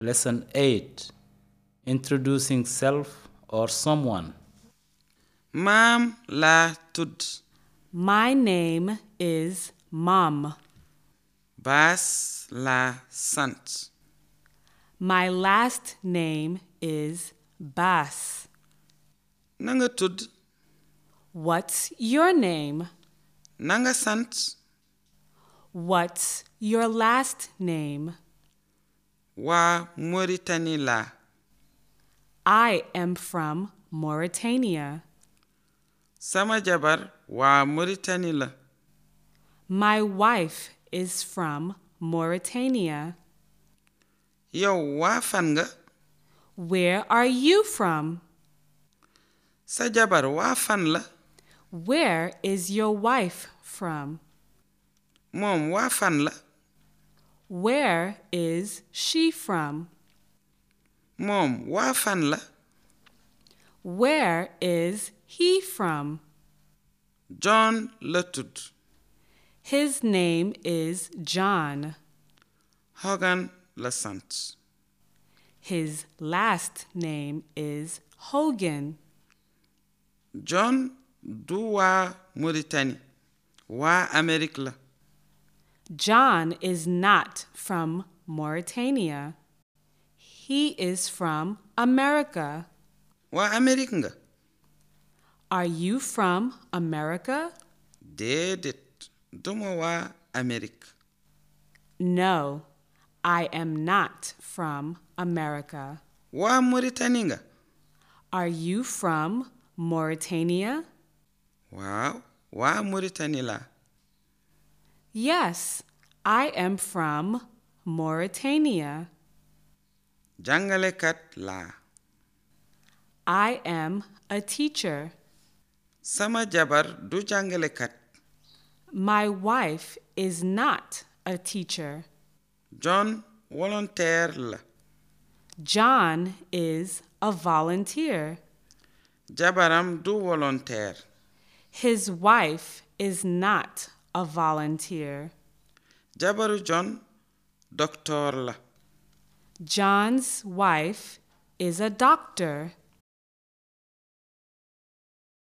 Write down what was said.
Lesson 8 Introducing tudd. My name is Mom. Baas la sant. My last name is Baas. Nanga tudd. What's your name? sant. What's your name? waa moritani la. I am from Mauritania. Sama jabar waa Mauritanie la. My wife is from Mauritania. Yow waa fan nga? Where are you from? Sa jabar waa fan la? Where is your wife from? Moom waa fan la? Where is she from? Moom waa fan la? Where is he from? John la His name is John. Hogan la sant. His last name is Hogan. John du waa Mauritanie waa Amérique la. John is not from Mauritania. He is from America. waa Amérique nga. Are you from America? Déedéet, duma waa Amérique. No, I am not from America. waa Mauritanie nga. Are you from Mauritania? waaw, waa Mauritanie la. Yes, I am from Mauritania. jàngalekat la I am a teacher. sama jabar du jàngalekat. My wife is not a teacher. John volontaire la. John is a volunteer. Jabaram du volontaire. His wife is not a volunteer. jabaru John doctor la. John's wife is a doctor.